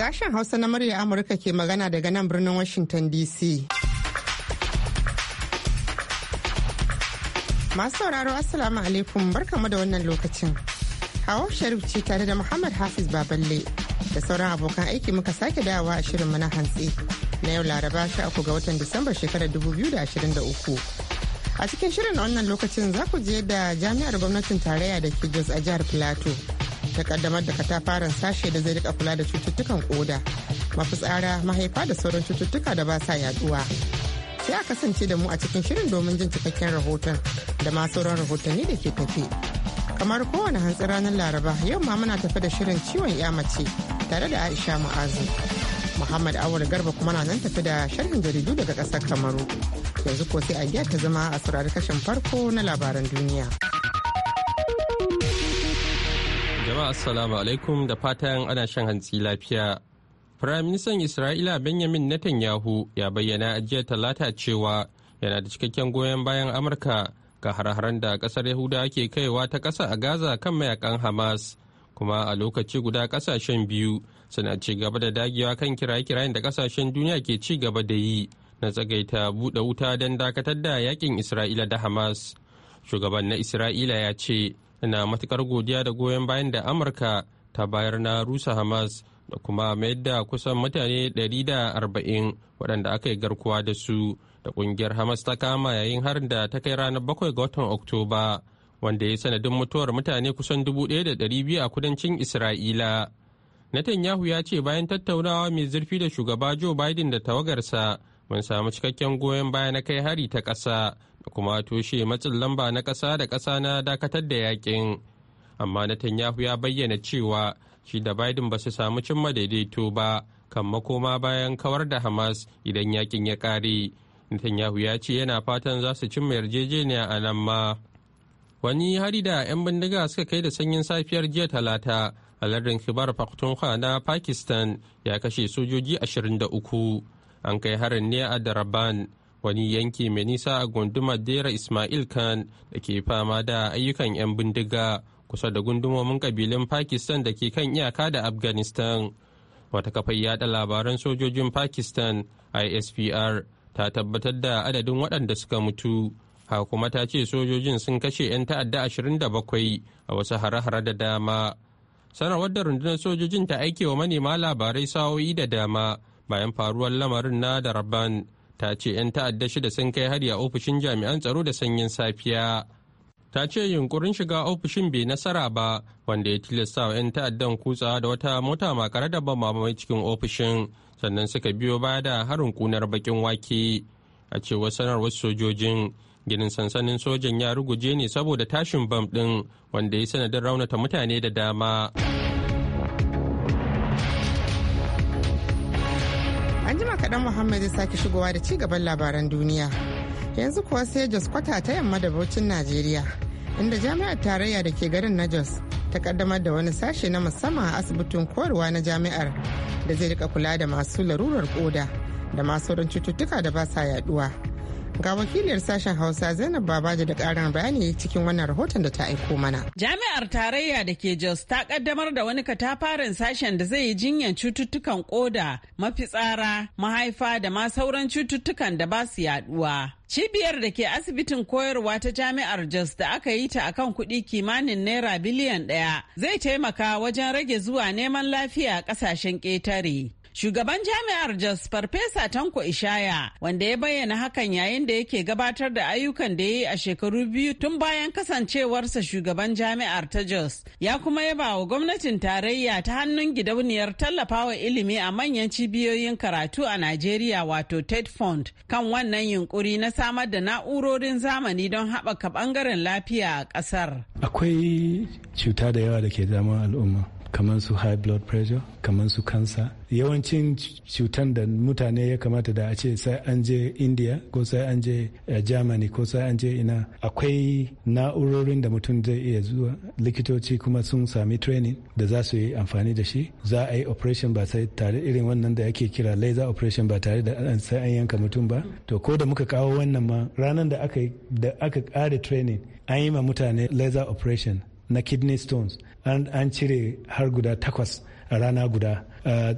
Sashen Hausa na murya Amurka ke magana daga nan birnin Washington DC. Masu sauraro Assalamu alaikum barkamu da wannan lokacin. Hawa Sharif ce tare da Muhammad Hafiz Baballe da sauran abokan aiki muka sake dawowa a shirin na hantsi na yau Laraba uku ga watan Disamba shekarar 2023. A cikin shirin wannan lokacin za ku je da jami'ar gwamnatin tarayya da ke Jos a jihar Plateau ta kaddamar da katafaren sashe da zai rika kula da cututtukan koda mafitsara mahaifa da sauran cututtuka da ba sa yaduwa sai a kasance da mu a cikin shirin domin jin cikakken rahoton da ma sauran rahotanni da ke tafi kamar kowane hantsi ranar laraba yau ma muna tafi da shirin ciwon ya mace tare da aisha mu'azu muhammad awar garba kuma na nan tafi da sharhin jaridu daga kasar kamaru yanzu ko sai a giya ta zama a saurari kashin farko na labaran duniya jama'a assalamu alaikum da fatan ana shan hantsi lafiya. firayim ministan Isra'ila Benjamin Netanyahu ya bayyana a jiya talata cewa yana da cikakken goyon bayan Amurka ga har-haren da kasar Yahuda ke kaiwa ta ƙasa a Gaza kan mayakan Hamas. Kuma a lokaci guda ƙasashen biyu suna ci gaba da dagewa kan kiraye-kirayen da ƙasashen duniya ke ci gaba da yi na tsagaita buɗe wuta don dakatar da yakin Isra'ila da Hamas. Shugaban na Isra'ila ya ce ina matukar godiya da goyon bayan da amurka ta bayar na rusa hamas da kuma mayar da kusan mutane 140 waɗanda aka yi garkuwa da su da ƙungiyar hamas ta kama yayin harin da ta kai ranar 7 ga watan oktoba wanda ya sanadin mutuwar mutane kusan 1,200 a kudancin isra'ila netanyahu ya ce bayan tattaunawa mai zurfi da shugaba joe biden da tawagarsa mun samu cikakken goyon baya na kai hari ta ƙasa da kuma toshe matsin lamba na ƙasa da ƙasa na dakatar da yakin amma Netanyahu ya bayyana cewa shi da Biden ba su samu cimma daidaito ba kan makoma bayan kawar da Hamas idan yakin ya ƙare. Netanyahu ya ce yana fatan za su cimma yarjejeniya a nan ma. Wani hari da 'yan bindiga suka kai da sanyin safiyar jiya talata a lardin Kibar Pakhtunkhwa na Pakistan ya kashe sojoji 23. an kai harin ne a daraban wani yanki mai nisa a gundumar dera ismail khan da ke fama da ayyukan 'yan bindiga kusa da gundumomin kabilun pakistan da ke kan iyaka da afghanistan wata kafar yada labaran sojojin pakistan ispr ta tabbatar da adadin waɗanda suka mutu haka kuma ta ce sojojin sun kashe 'yan ta'adda 27 a wasu hare-hare da dama sanarwar da rundunar sojojin ta aike wa manema labarai sa'o'i da dama bayan faruwar lamarin na daraban ta ce 'yan ta'adda shida sun kai hari a ofishin jami'an tsaro da sanyin safiya ta ce yunkurin shiga ofishin bai nasara ba wanda ya tilasta wa 'yan ta'addan kutsa da wata mota makare da ban mamaye cikin ofishin sannan suka biyo baya da harin kunar bakin wake a cewar sanarwar sojojin ginin sansanin sojan ya ruguje ne saboda tashin bam ɗin wanda ya sanadin raunata mutane da dama. kaɗan muhammad ya sake shigowa da ci gaban labaran duniya yanzu kuwa sai jos kwata ta yamma da baucin najeriya inda jami'ar tarayya da ke garin na jos ta kaddamar da wani sashe na musamman a asibitin koyarwa na jami'ar da zai rika kula da masu larurar koda da masu cututtuka da ba sa yaduwa ga wakiliyar sashen hausa zainab babaji da karin bayani cikin wannan rahoton da ta aiko mana jami'ar tarayya da ke jos ta kaddamar da wani katafaren sashen da zai yi jinyar cututtukan koda mafitsara mahaifa da ma sauran cututtukan da ba su yaduwa Cibiyar da ke asibitin koyarwa ta jami'ar Jos da aka yi ta akan kuɗi kimanin naira biliyan ɗaya zai taimaka wajen rage zuwa neman lafiya a ƙasashen ƙetare. Shugaban jami'ar Jos Farfesa Tanko Ishaya wanda ya bayyana hakan yayin da yake gabatar da ayyukan da ya yi a shekaru biyu tun bayan kasancewarsa shugaban jami'ar ta Jos ya kuma yaba wa gwamnatin tarayya ta hannun gidauniyar tallafawa ilimi a manyan cibiyoyin karatu a Najeriya wato TED Fund kan wannan yunkuri na samar da na'urorin zamani don haɓaka ɓangaren lafiya a ƙasar. Akwai cuta da yawa da ke zaman al'umma. kamar su high blood pressure kamar su kansa yawancin cutan da mutane ya kamata da a ce sai an je india ko sai an je eh, germany ko sai an je ina akwai na'urorin da mutum zai iya zuwa likitoci kuma sun sami training da za su yi amfani da shi za a yi operation ba sai tare irin wannan da ake kira laser operation ba tare da sai an yanka mutum ba to ko da muka kawo wannan ma ranar da aka da aka kare training an yi ma mutane laser operation na kidney stones an cire har guda takwas a rana guda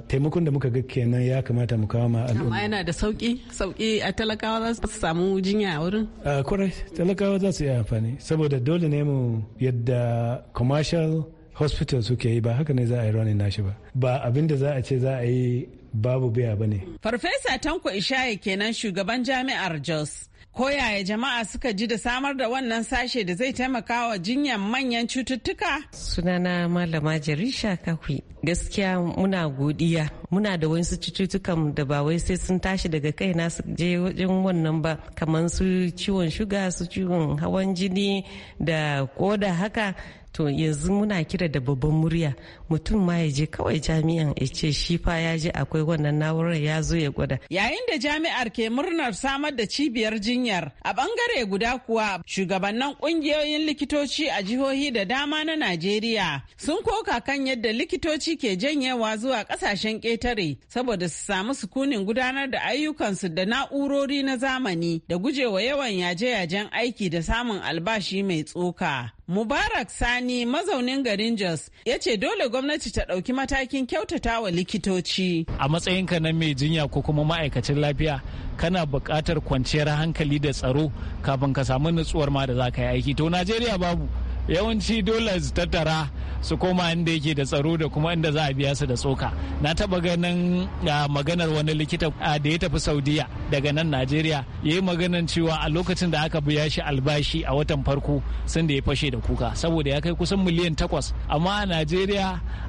taimakon da muka ga kenan ya kamata mu kawo ma al'umma yana da sauki sauki a talakawa za su samu jinya a wurin kwarai talakawa za su yi amfani saboda dole ne mu yadda commercial hospital suke yi ba haka ne za a yi ranin nashi ba ba abin da za a ce za a yi babu biya ba ne farfesa tanko ishaya kenan shugaban jami'ar jos Koyaya jama'a suka ji da samar da wannan sashe da zai taimaka wa jinyar manyan cututtuka? Sunana Malama Jarisha Kakwi. Gaskiya muna godiya. Muna da wasu cututtukan da ba wai sai sun tashi daga kai na su je wajen wannan ba, kamar su ciwon shuga, su ciwon hawan jini da koda haka to yanzu muna kira da babban murya mutum ma ya je kawai jami'an ya ce shi fa ya je akwai wannan na'urar ya zo ya gwada yayin da jami'ar ke murnar samar da cibiyar jinyar a bangare guda kuwa shugabannin kungiyoyin likitoci a jihohi da dama na najeriya sun koka kan yadda likitoci ke janyewa zuwa kasashen ketare saboda su samu sukunin gudanar da ayyukansu da na'urori na zamani da gujewa yawan yaje-yajen aiki da samun albashi mai tsoka Mubarak Sani mazaunin garin Jos ya ce dole gwamnati ta ɗauki matakin kyautata wa likitoci. A matsayinka na mai jinya ko kuma ma'aikacin lafiya kana buƙatar kwanciyar hankali da tsaro kafin ka samu nutsuwar ma da za ka yi aiki. To Najeriya babu yawanci dole su tattara su koma inda yake da tsaro da kuma inda za a biya su da tsoka. Na taɓa ganin ah, maganar wani likita ah, da ya tafi Saudiya. daga nan najeriya ya yi maganar cewa a lokacin da aka biya shi albashi a watan farko sun da ya fashe da kuka saboda ya kai kusan miliyan takwas amma a najeriya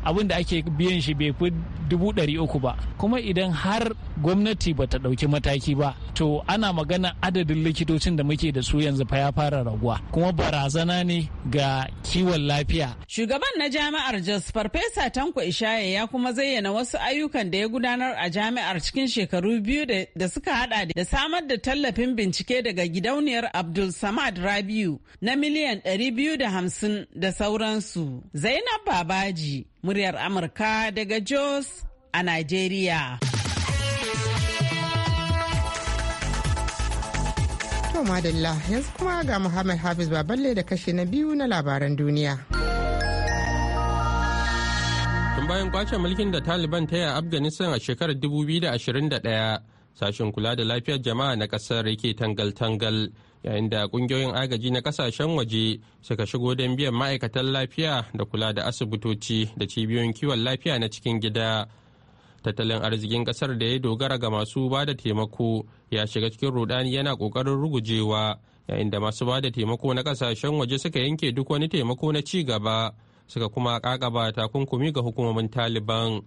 abin da ake biyan shi bai fi dubu ɗari uku ba kuma idan har gwamnati ba ta ɗauki mataki ba to ana magana adadin likitocin da muke da su yanzu fa ya fara raguwa kuma barazana ne ga kiwon lafiya shugaban na jami'ar jos farfesa tanko ishaya ya kuma zayyana wasu ayyukan da ya gudanar a jami'ar cikin shekaru biyu da suka hada hada da samar da tallafin bincike daga gidauniyar Abdul Samad Rabiu na miliyan 250 da sauransu. Zainab Babaji, muryar Amurka daga Jos a Najeriya. To madalla yanzu kuma ga Muhammad Hafiz Baballe da kashe na biyu na labaran duniya. tun bayan kwace mulkin da taliban ta yi a afghanistan a shekarar 2021 sashen kula da lafiyar jama'a na kasar yake tangal-tangal yayin da kungiyoyin agaji na kasashen waje suka shigo don biyan ma'aikatan lafiya da kula da asibitoci da cibiyoyin kiwon lafiya na cikin gida tattalin arzikin kasar da ya dogara ga masu ba da taimako ya shiga cikin rudani yana kokarin rugujewa yayin da masu ba da taimako na kasashen waje suka yanke duk wani taimako na ci gaba suka kuma kakaba takunkumi ga hukumomin taliban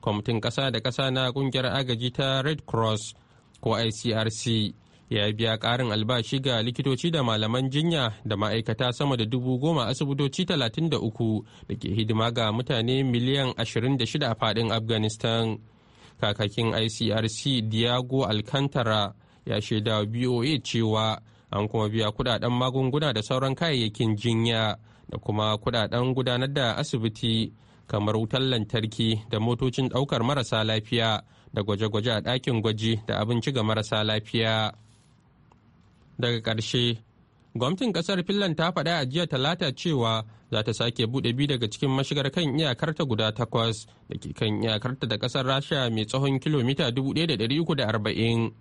kwamitin ƙasa da ƙasa na ƙungiyar agaji ta red cross ko icrc ya biya ƙarin albashi ga likitoci da malaman jinya da ma'aikata sama da dubu goma asibitoci talatin da uku da ke hidima ga mutane miliyan ashirin da shida a faɗin afghanistan kakakin icrc diago alcantara ya shaida boa cewa an kuma biya kudaden magunguna da sauran kayayyakin jinya da kuma kudaden gudanar da asibiti kamar wutar lantarki da motocin ɗaukar marasa lafiya da gwaje-gwaje a ɗakin gwaji da abinci ga marasa lafiya. Daga ƙarshe, gwamnatin ƙasar Finland ta faɗa a jiya talata cewa za ta sake buɗe biyu daga cikin mashigar kan iyakarta guda takwas da ke kan iyakarta da ƙasar Rasha mai tsawon kilomita 1,340.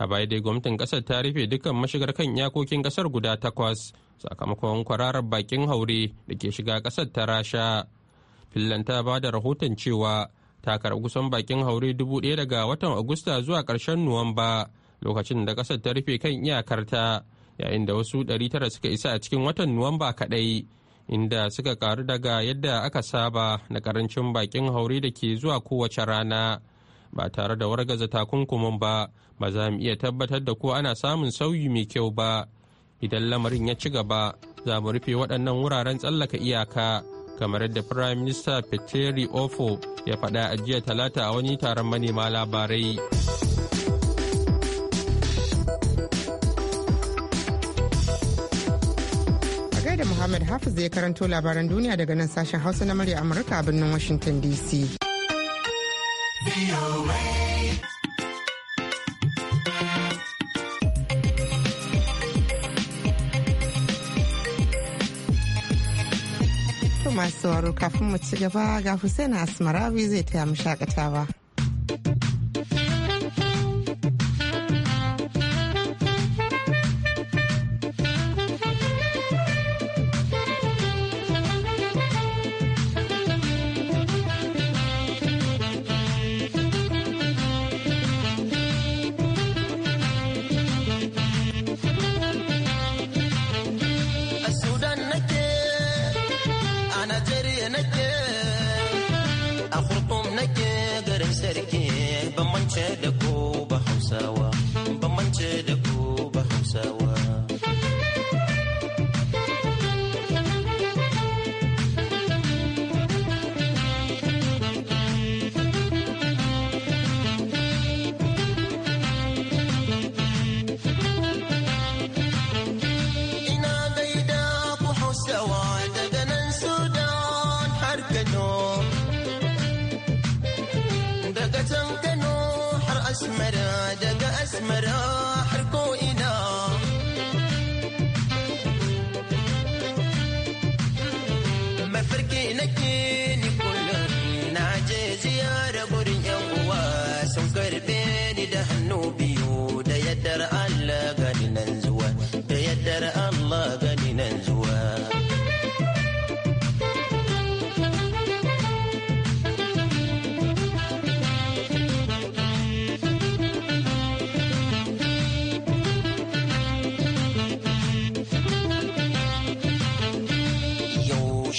A baya dai gwamnatin ƙasar ta rufe dukkan mashigar kan iyakokin ƙasar guda takwas sakamakon kwararar bakin haure da ke shiga ƙasar ta Rasha. finland ta ba da rahoton cewa ta karɓi kusan bakin haure dubu ɗaya daga watan agusta zuwa ƙarshen nuwamba lokacin da ƙasar ta rufe kan iyakarta yayin da wasu ɗari tara suka isa a cikin watan nuwamba kaɗai inda suka karu daga yadda aka saba na karancin bakin haure da ke zuwa kowace rana ba tare da wargaza takunkumin ba ba za mu iya tabbatar da ko ana samun sauyi mai kyau ba idan lamarin ya ci gaba za mu rufe waɗannan wuraren tsallaka iyaka kamar yadda Prime Minister Peteri Ofo ya faɗa a jiya talata a wani taron manema labarai. da Muhammad Hafiz ya karanto labaran duniya daga nan sashen Hausa na murya Amurka a birnin Washington DC. masu sauraro kafin mu ci gaba ga Hussein Asmarawi zai taya mu shakatawa.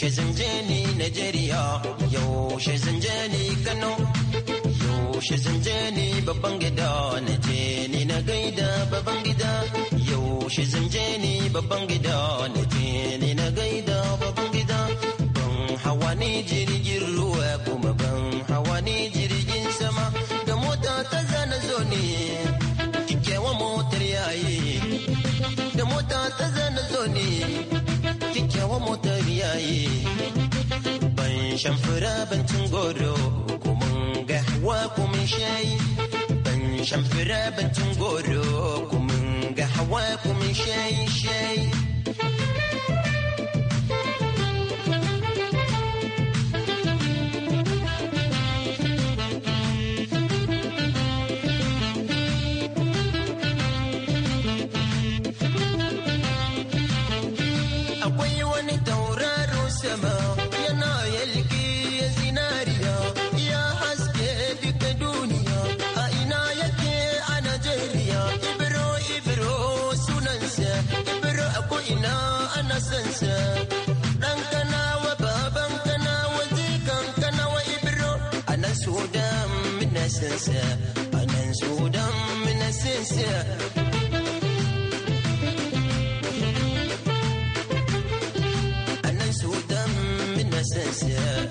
yaushe ni Najeriya yaushe ni Kano yaushe zanje ni babban gida na je ni na gaida babban gida yaushe ni babban gida na je ni na gaida babban gida ban hawa ni jirgin ruwa kuma ban hawa ni jirgin sama da mota ta zana zo ni kikewa motar yayi da mota ta zana zo ni kikewa motar maye ban shan ban tun ko mun gahwa hawa ko mun shayi ban shan ban tun ko mun gahwa hawa ko mun shayi shayi السنسة أنا نسود من السنسة أنا نسود من السنسة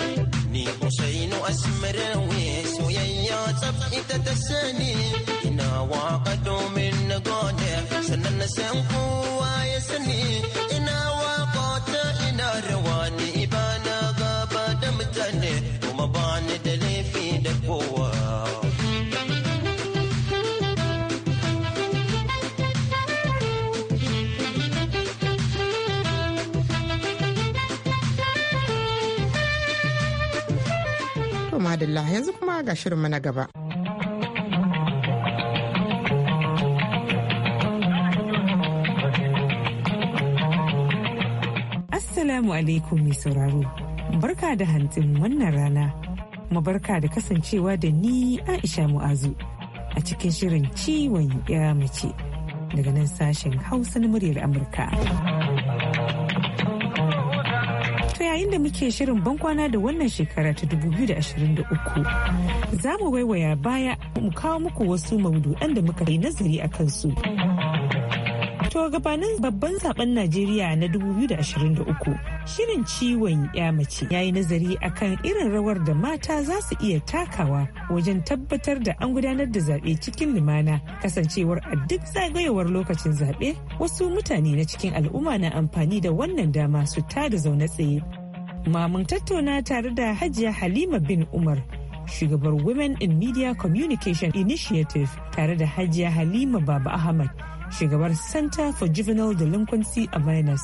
ني حسين أسمر ويس ويا تبقي تتساني من قادة سنن سنقول madalla yanzu kuma ga shirinmu na gaba. Assalamu alaikum mai sauraro, barka da hantsin wannan rana, mu barka da kasancewa da ni Aisha Mu'azu a cikin shirin ciwon ya mace daga nan sashen Hausa na muryar Amurka. yayin da muke shirin bankwana da wannan shekara ta 2023 za mu waiwaya baya mu kawo muku wasu maudu'an da muka yi nazari a kansu. To gabanin babban zaben Najeriya na 2023 shirin ciwon ya mace ya yi nazari akan irin rawar da mata za su iya takawa wajen tabbatar da an gudanar da zaɓe cikin limana kasancewar a duk zagayowar lokacin zaɓe wasu mutane na cikin al'umma na amfani da wannan dama su tada zaune tsaye ma mun tattauna tare da hajiya halima bin umar shugabar women in media communication initiative tare da hajiya halima baba ahmad shugabar center for juvenile delinquency awareness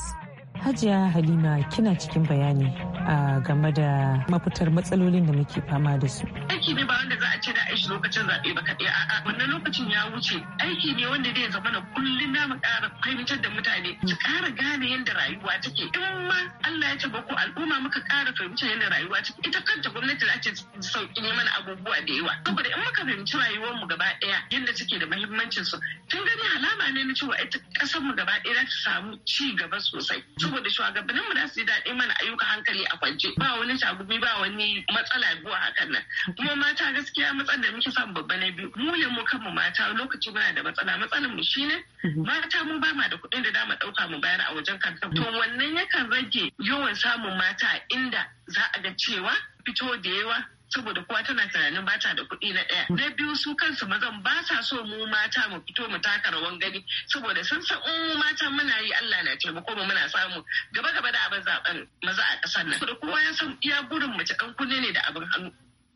hajiya halima kina cikin bayani a ah, game da mafitar matsalolin da muke fama da su aiki ne ba wanda za a ce da aishi lokacin zaɓe ba kaɗai a wannan lokacin ya wuce aiki ne wanda zai zama na kullum na mu ƙara fahimtar da mutane su ƙara gane yadda rayuwa take in ma Allah ya taɓa ko al'umma muka ƙara fahimtar yadda rayuwa take ita kanta gwamnati za ta sauƙi mana abubuwa da yawa saboda in muka fahimci rayuwar mu gaba ɗaya yadda take da muhimmancin su tun gani alama ne na cewa ita ƙasar mu gaba ɗaya za ta samu ci gaba sosai saboda shugabannin mu za su yi daɗi mana ayyuka hankali a kwance ba wani shagumi ba wani matsala ko hakan nan kuma mata gaskiya matsalar da muke samu babba na biyu mu ne mu kanmu mata lokaci muna da matsala matsalar mu shine mhm. mata mu ba ma da kuɗin da dama ɗauka mu bayar a wajen kanta to mhm. wannan yakan rage yawan samun mata inda za a ga cewa fito da yawa saboda kowa tana tunanin bata da kuɗi na ɗaya. Mhm. Na biyu su kansu mazan ba sa so mu mata mu fito mu taka rawan gani saboda sun san mu mata muna yi Allah na taimako mu muna samu gaba gaba da abin zaben maza a ƙasar nan. Saboda kowa ya san iya gurin mace kan kunne ne da abin hannu.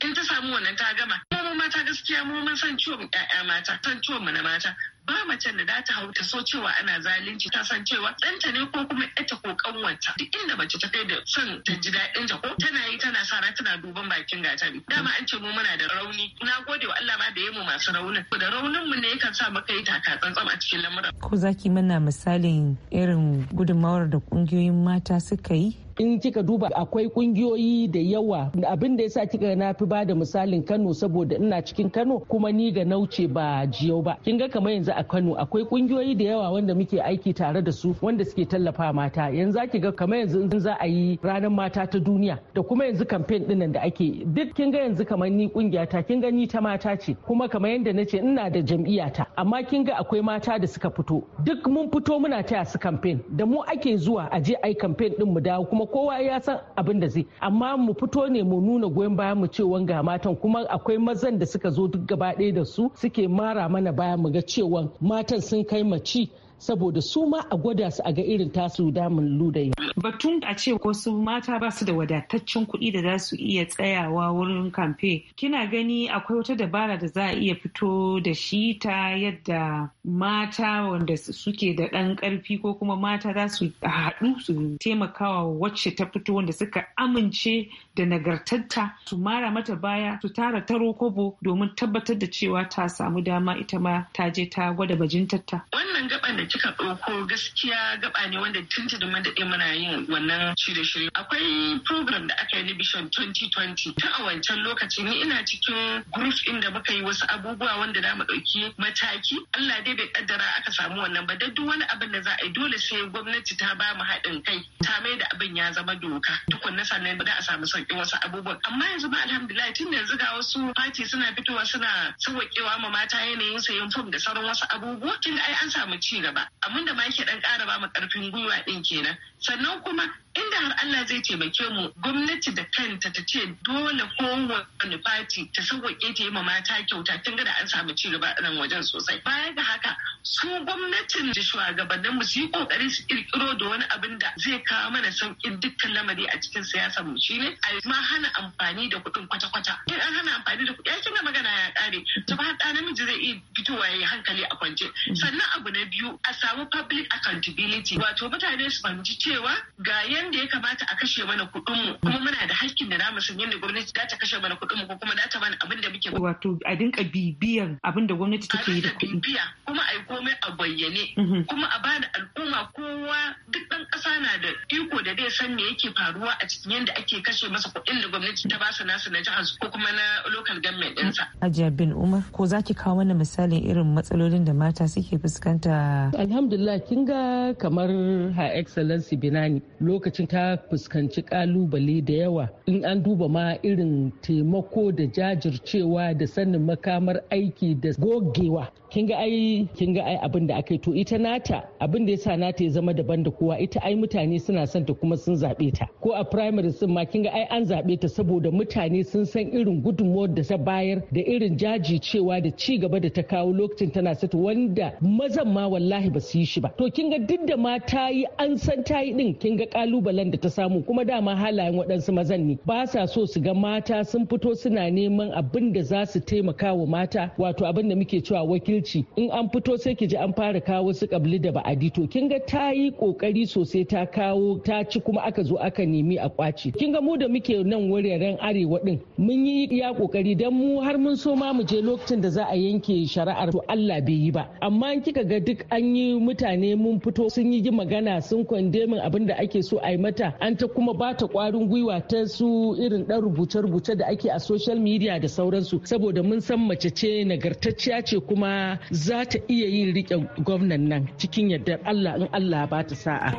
in ta samu wannan ta gama mu mata gaskiya mu mun san ciwon ƴaƴa mata san ciwon mu na mata ba macen da za ta hau ta so cewa ana zalunci ta san cewa ɗanta ne ko kuma ita ko kanwanta duk inda mace ta kai da son ta ji daɗin ta ko tana yi tana sara tana duban bakin gatari dama an ce mu muna da rauni na gode wa Allah ma da yi mu masu raunin da raunin mu ne yakan sa muka yi taka tsantsan a cikin lamuran ko zaki mana misalin irin gudunmawar da kungiyoyin mata suka yi in kika duba akwai kungiyoyi da yawa abin da yasa kika na fi da misalin Kano saboda ina cikin Kano kuma ni ga nauce ba jiyau ba kin ga kamar yanzu a Kano akwai kungiyoyi da yawa wanda muke aiki tare da su wanda suke tallafa mata yanzu ki ga kamar yanzu in za a yi ranar mata ta duniya da kuma yanzu kamfen dinnan da ake duk kin ga yanzu kamar ni kungiya ta kin ga ni ta mata ce kuma kamar yanda nace ina da jam'iyyata amma kin ga akwai mata da suka fito duk mun fito muna taya su kamfen da mu ake zuwa a je ai kamfen din mu dawo kuma kowa ya san abin da zai amma mu fito ne mu nuna goyon bayan mu cewa ga matan kuma akwai mazan da suka zo duk gaba ɗaya da su suke mara mana baya mu ga cewa matan sun kai mace saboda su ma a gwada su a ga irin tasu damun ludayi. Batun a ce wasu mata ba su da wadataccen kuɗi da za su iya tsayawa wurin kamfe. Kina gani akwai wata dabara da za a iya fito da shi ta yadda mata wanda suke da ɗan ƙarfi ko kuma mata za su haɗu su taimakawa wacce ta fito wanda suka amince da nagartatta su mara mata baya su tara taro kobo domin tabbatar da cewa ta samu dama ita ma ta je ta gwada bajintarta. Wannan gaban da kika ɗauko gaskiya gaba ne wanda tunti da madaɗe muna yin wannan shirye-shirye. Akwai program da aka yi na Bishan 2020 ta a wancan lokaci ni ina cikin group inda muka yi wasu abubuwa wanda za mu ɗauki mataki. Allah dai bai kaddara aka samu wannan ba da duk wani abin da za a yi dole sai gwamnati ta ba mu haɗin kai ta mai da abin ya zama doka tukunna sannan da a samu sauki. karɓi wasu abubuwan amma yanzu ba alhamdulillah tun yanzu ga wasu fati suna fitowa suna sauƙewa ma mata yanayin sayan fom da sauran wasu abubuwa kin ai an samu ci gaba abin da ma yake dan ƙara ba mu ƙarfin gwiwa din kenan sannan kuma inda har Allah zai taimake mu gwamnati da kanta ta ce dole kowane fati ta sauƙe ta yi ma mata kyauta tun da an samu ci gaba nan wajen sosai baya ga haka su gwamnatin da shugabannin mu su yi kokari su kirkiro da wani abin da zai kawo mana sauƙin dukkan lamari a cikin siyasar mu shine a ma hana amfani da kuɗin kwata-kwata in an hana amfani da kuɗi yakin ga magana ya ƙare to ba ɗa namiji zai iya fitowa ya hankali a kwance sannan abu na biyu a samu public accountability wato mutane su fahimci cewa ga yanda ya kamata a kashe mana kuɗin mu kuma muna da hakkin da namu sun yanda gwamnati za ta kashe mana kuɗin mu ko kuma za ta mana abin da muke wato a dinga bibiyan abin da gwamnati take yi da kuɗi kuma a yi komai a bayyane mhm. kuma a bada al'umma kowa duk kasa na da iko da zai san me yake faruwa a cikin yadda ake kashe masa kuɗin da gwamnati ta basa nasu na jihar ko kuma na local government ɗinsa. Hajiya bin Umar ko za ki kawo mana misalin irin matsalolin da mata suke fuskanta. Alhamdulillah kin ga kamar Her Excellency Binani lokacin ta fuskanci kalubale da yawa in an duba ma irin taimako da jajircewa da sanin makamar aiki da gogewa kin ga ai kin ga ai abin da aka yi to ita nata abin da yasa nata ya zama daban da kowa ita ai mutane suna son ta kuma sun zabe ta ko a primary sun ma kin ga ai an zabe ta saboda mutane sun san irin gudunmuwar da ta bayar da irin jajicewa da ci gaba da ta kawo lokacin tana sata wanda mazan ma wallahi ba su yi shi ba to kin ga duk da ma ta yi an san ta yi din kin ga kalubalen da ta samu kuma dama halayen waɗansu mazan ne ba sa so su ga mata sun fito suna neman abin da za su taimaka wa mata wato abin da muke cewa wakil wakilci in an fito sai ki ji an fara kawo su kabli da ba'adi to kin ga ta yi kokari sosai ta kawo ta ci kuma aka zo aka nemi a kwaci kin ga mu da muke nan wuraren arewa din mun yi iya kokari dan mu har mun so ma mu je lokacin da za a yanke shari'ar to Allah bai yi ba amma kika ga duk an yi mutane mun fito sun yi magana sun kwandemin abin da ake so a yi mata an ta kuma ba ta kwarin gwiwa ta su irin dan rubuce-rubuce da ake a social media da sauransu saboda mun san mace ce nagartacciya ce kuma za ta iya yin riƙe gwamnan nan cikin yardar Allah in Allah ba ta sa'a.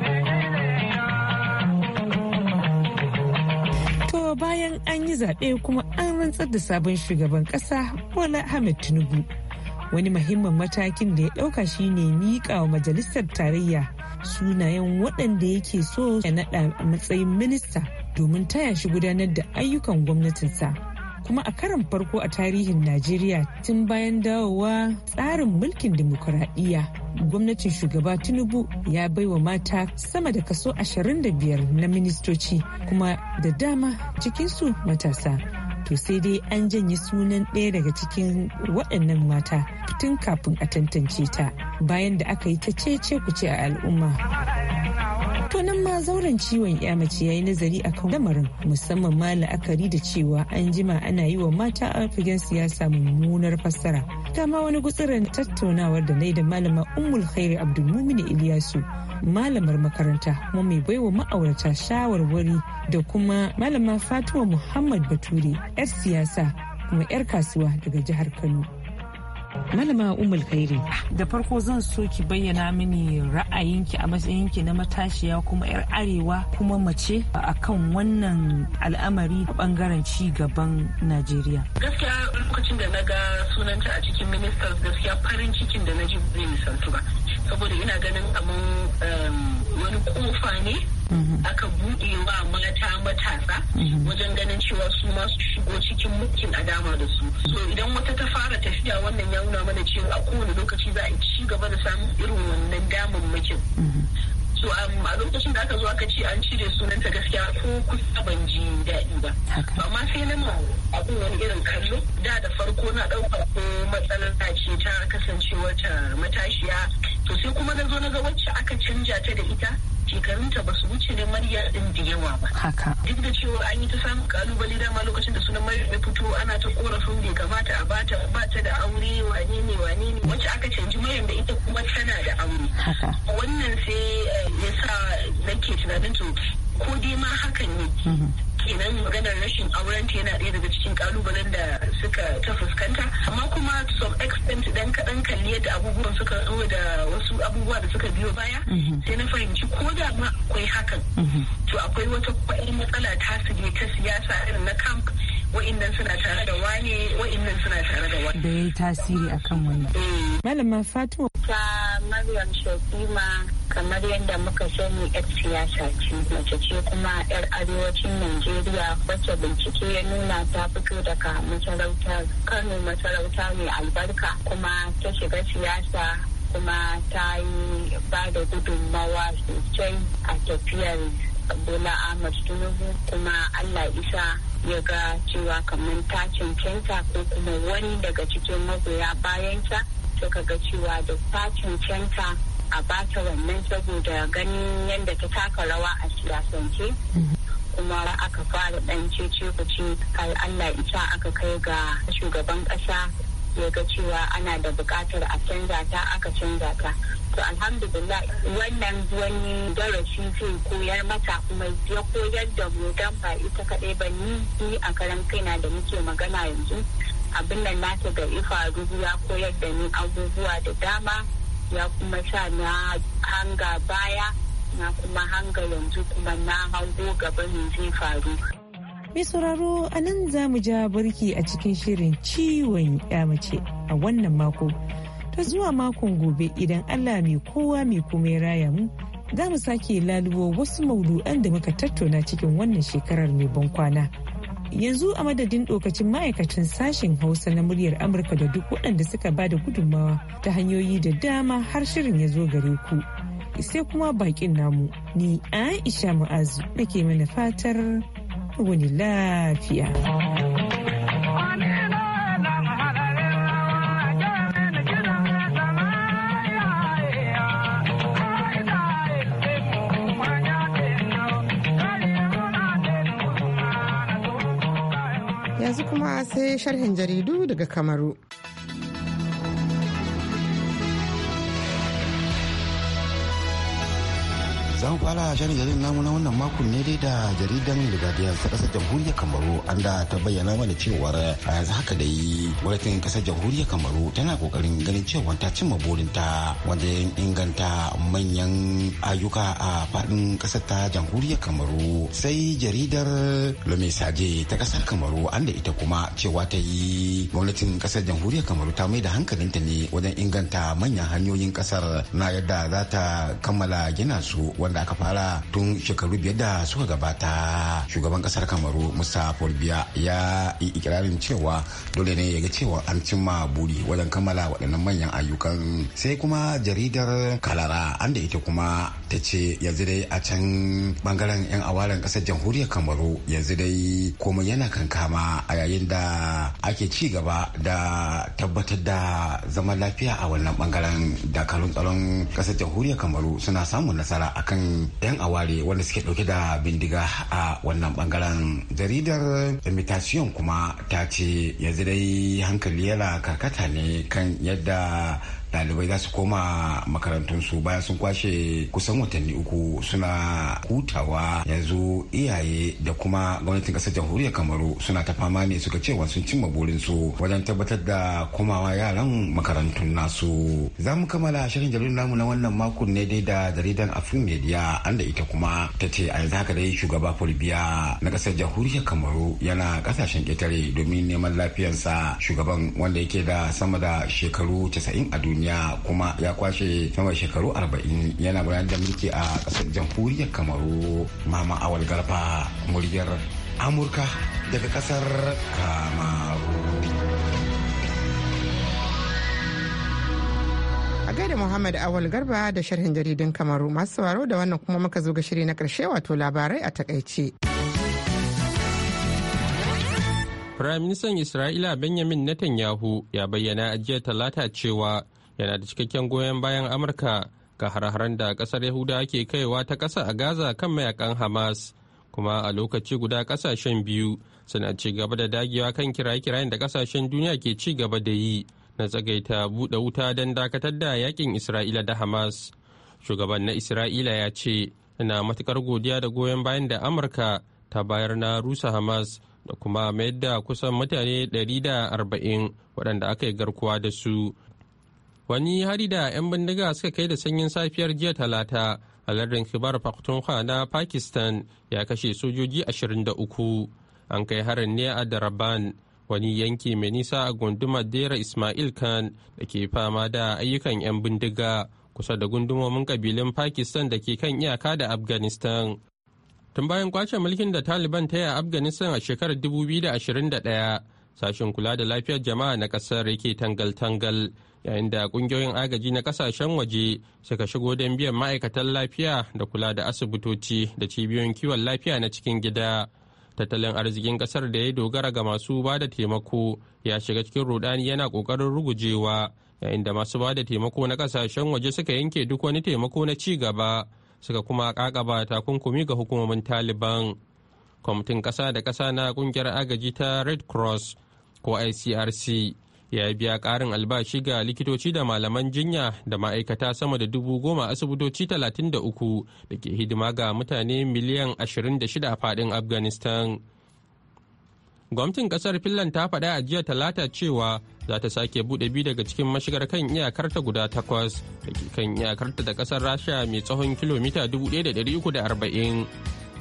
to bayan an yi zaɓe kuma an rantsar da sabon shugaban ƙasa Bola Ahmed Tinubu. Wani mahimman matakin da ya ɗauka shine miƙa wa majalisar tarayya sunayen waɗanda yake so ya naɗa a matsayin minista domin taya shi gudanar da ayyukan gwamnatinsa. kuma a karan farko a tarihin najeriya tun bayan dawowa tsarin mulkin dimokuraɗiyya gwamnatin shugaba tinubu ya baiwa mata sama da kaso 25 na ministoci kuma da dama cikinsu matasa to sai dai an janye sunan ɗaya daga cikin waɗannan mata tun kafin a tantance ta bayan da aka yi ta cece kuce a al'umma. To nan ma zauren ciwon ya mace ya yi nazari a kan lamarin musamman ma la'akari da cewa an jima ana yi wa mata a fagen siyasa mummunar fassara. Ta ma wani gutsirin tattaunawar da nai da malama Ummul Khairi Abdulmumin Iliyasu malamar makaranta kuma mai baiwa ma'aurata shawarwari da kuma malama Fatima Muhammad Bature 'yar siyasa kuma 'yar kasuwa daga jihar Kano. Malama Umar Khairi. Da farko zan so ki bayyana mini ra'ayinki a matsayinki na matashiya kuma 'yar arewa kuma mace a kan wannan al'amari a bangaren ci gaban Najeriya. Gaskiya lokacin da na ga sunanta a cikin ministers gaskiya farin cikin da na ji zai misaltu ba. saboda ina ganin kamar um, wani kofa ne mhm. aka buɗe wa mata matasa mhm. wajen ganin cewa su ma shigo cikin mukin a dama da su so idan wata ta fara tafiya wannan ya nuna mana cewa a kowane lokaci za a ci gaba da samun irin wannan damammakin mhm. so um, a lokacin da aka zo aka ce an cire ta gaskiya ko kusa ban ji daɗi ba amma sai na ma abin wani irin kallo da da farko na ɗaukar ko matsalar ce ta kasancewar ta matashiya to sai kuma na zo na ga wacce aka canja ta da ita shekarunta ba su wuce ne marya din da yawa ba. Haka. Duk da cewa an yi ta samun kalubale dama lokacin da suna Maryam ya fito ana ta korafin bai kamata a bata bata da aure wane ne wane ne wacce aka canji mayan da ita kuma tana da aure. Haka. Wannan sai eh, ya sa nake tunanin to ko dai ma hakan ne. Mm-hmm. kenan maganar rashin auren ta yana ɗaya daga cikin kalubalen da suka ta fuskanta amma kuma some extent dan kaɗan kalli yadda abubuwan suka zo da wasu abubuwa da suka biyo baya mhm. sai na fahimci ko da ma akwai hakan mhm. to akwai wata kwayar matsala ta su ta siyasa irin na camp wa'innan suna tare da wane wa'innan suna tare da wane da yi tasiri akan wani. Eh. malama fatima ta maryam Shafima kamar yadda muka sani yar siyasa ce mace ce kuma yar arewacin najeriya wacce bincike ya nuna ta fito daga masarautar kano masarauta mai albarka kuma ta shiga siyasa kuma ta yi ba da gudunmawa sosai a tafiyar bola ahmad tinubu kuma allah isa ya ga cewa kamar ta cancanta ko kuma wani daga cikin magoya bayanta suka ga cewa da ta cancanta a bata wannan saboda ganin yadda ta taka rawa a siyasance kuma aka fara dan cece ce kai Allah ita aka kai ga shugaban kasa ya ga cewa ana da bukatar a canza ta aka canza ta to alhamdulillah wannan wani darasi zai koyar mata kuma ya koyar da mu dan ba ita kaɗai ba ni ni a karan kaina da muke magana yanzu abin nan nata ga ifa rubu ya koyar da ni abubuwa da dama ya kuma sa na hanga baya na kuma hanga yanzu kuma na hango gaba ne zai faru mai sauraro a nan za mu ja burki a cikin shirin ciwon ya mace a wannan mako ta zuwa makon gobe idan Allah mai kowa mai kuma ya raya mu za mu sake lalubo wasu maudu'an da muka tattauna cikin wannan shekarar mai ban kwana. Yanzu a madadin ɗokacin ma'aikacin sashen Hausa na muryar Amurka da duk waɗanda suka ba da gudunmawa ta hanyoyi da dama har shirin ya zo gare ku. Sai kuma baƙin namu, ni Aisha Mu'azu nake mana fatar wani lafiya. sharhin jaridu daga Kamaru. zamu fara shan jaridar namu na wannan makon ne dai da jaridan ligadiyar ta kasar jamhuriyar Kamaru da ta bayyana mana cewar a yanzu haka yi gwamnatin kasar jamhuriyar Kamaru tana kokarin ganin cewa ta cimma burinta wanda ya inganta manyan ayyuka a faɗin kasar ta jamhuriyar Kamaru sai jaridar Lumisaje ta kasar Kamaru da ita kuma cewa ta yi gwamnatin kasar jamhuriyar Kamaru ta mai da hankalinta ne wajen inganta manyan hanyoyin kasar na yadda za ta kammala gina su wanda da aka fara tun shekaru biyar da suka gabata shugaban kasar kamaru musa folbiya ya yi ikirarin cewa dole ne ya ga cewa an cimma buri wajen kammala waɗannan manyan ayyukan sai kuma jaridar kalara an da ita kuma ta ce yanzu dai a can bangaren 'yan awaren kasar jamhuriyar kamaru yanzu dai komai yana kankama a yayin da ake ci gaba da tabbatar da zaman lafiya a wannan bangaren dakarun tsaron kasar jamhuriyar kamaru suna samun nasara akan 'yan aware wanda suke dauke da bindiga a wannan bangaren jaridar imitation kuma ta ce yanzu dai hankali yana karkata ne kan yadda ɗalibai za su koma makarantunsu bayan sun kwashe kusan watanni uku suna hutawa yanzu iyaye da kuma gwamnatin ƙasar jamhuriyar kamaru suna ta fama ne suka cewa sun cimma su wajen tabbatar da komawa yaran makarantun nasu za mu kammala shirin jaridar namu na wannan makon ne dai da jaridar afrin media an da ita kuma ta ce a yanzu haka dai shugaba fulbiya na ƙasar jamhuriyar kamaru yana ƙasashen ƙetare domin neman lafiyarsa shugaban wanda yake da sama da shekaru 90 a duniya duniya kuma ya kwashe sama shekaru 40 yana gudanar da mulki a kasar jamhuriyar kamaru mama awal garba muryar amurka daga kasar kamaru a gaida muhammad awal garba da sharhin jaridun kamaru masu sauraro da wannan kuma muka zo ga shiri na karshe wato labarai a takaice Firaministan Isra'ila Benjamin Netanyahu ya bayyana a jiya talata cewa yana da cikakken goyon bayan amurka ga har da kasar yahuda ke kaiwa ta kasa a gaza kan mayakan hamas kuma a lokaci guda kasashen biyu suna ci gaba da dagewa kan kiraye-kirayen da kasashen duniya ke ci gaba da yi na tsagaita buɗe wuta don dakatar da yakin isra'ila da hamas shugaban na isra'ila ya ce yana matukar godiya da goyon bayan da amurka ta bayar na rusa hamas da kuma mayar da kusan mutane 140 waɗanda aka yi garkuwa da su wani hari da 'yan bindiga suka kai da sanyin safiyar jiya talata a lardin kibar pakhtunkhwa na pakistan ya kashe sojoji 23 an kai harin ne a daraban wani yanki mai nisa a gundumar dera ismail khan da ke fama da ayyukan 'yan bindiga kusa da gundumomin kabilun pakistan da ke kan iyaka da afghanistan tun bayan kwace mulkin da taliban ta yi a afghanistan a shekarar 2021 sashen kula da lafiyar jama'a na kasar yake tangal-tangal yayin da kungiyoyin agaji na kasashen waje suka shigo don biyan ma'aikatan lafiya da kula da asibitoci da cibiyoyin kiwon lafiya na cikin gida tattalin arzikin kasar da ya dogara ga masu ba da taimako ya shiga cikin rudani yana kokarin rugujewa yayin da masu ba da taimako na kasashen waje suka yanke duk wani taimako na ci gaba suka kuma kakaba takunkumi ga hukumomin taliban kwamitin ƙasa da ƙasa na ƙungiyar agaji ta red cross ko icrc ya biya ƙarin albashi ga likitoci da malaman jinya da ma'aikata sama da dubu goma asibitoci talatin da uku da ke hidima ga mutane miliyan ashirin da shida a faɗin afghanistan gwamnatin ƙasar finland ta faɗa a jiya talata cewa za ta sake buɗe biyu daga cikin mashigar kan iyakarta guda takwas da ke kan iyakarta da ƙasar rasha mai tsawon kilomita dubu ɗaya da da arba'in.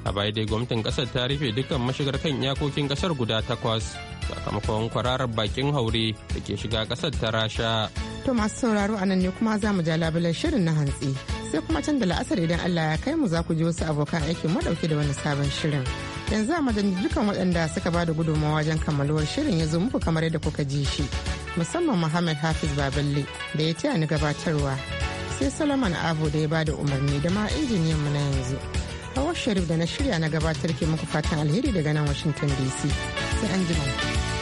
a baya dai gwamnatin kasar ta rufe dukkan mashigar kan iyakokin kasar guda takwas sakamakon kwararar bakin haure da ke shiga kasar ta rasha to masu sauraro a nan ne kuma za mu ja labulan shirin na hantsi sai kuma can da la'asar idan allah ya kai mu za ku ji wasu abokan aikin mu dauke da wani sabon shirin yanzu a madadin dukkan waɗanda suka ba da gudunmawa wajen kammaluwar shirin ya zo muku kamar yadda kuka ji shi musamman muhammad hafiz baballe da ya taya ni gabatarwa sai solomon abu da ya ba da umarni da ma injiniyan mu na yanzu Hawa Sharif da na shirya na gabatar ke muku fatan alheri daga nan Washington DC. Sai an jima.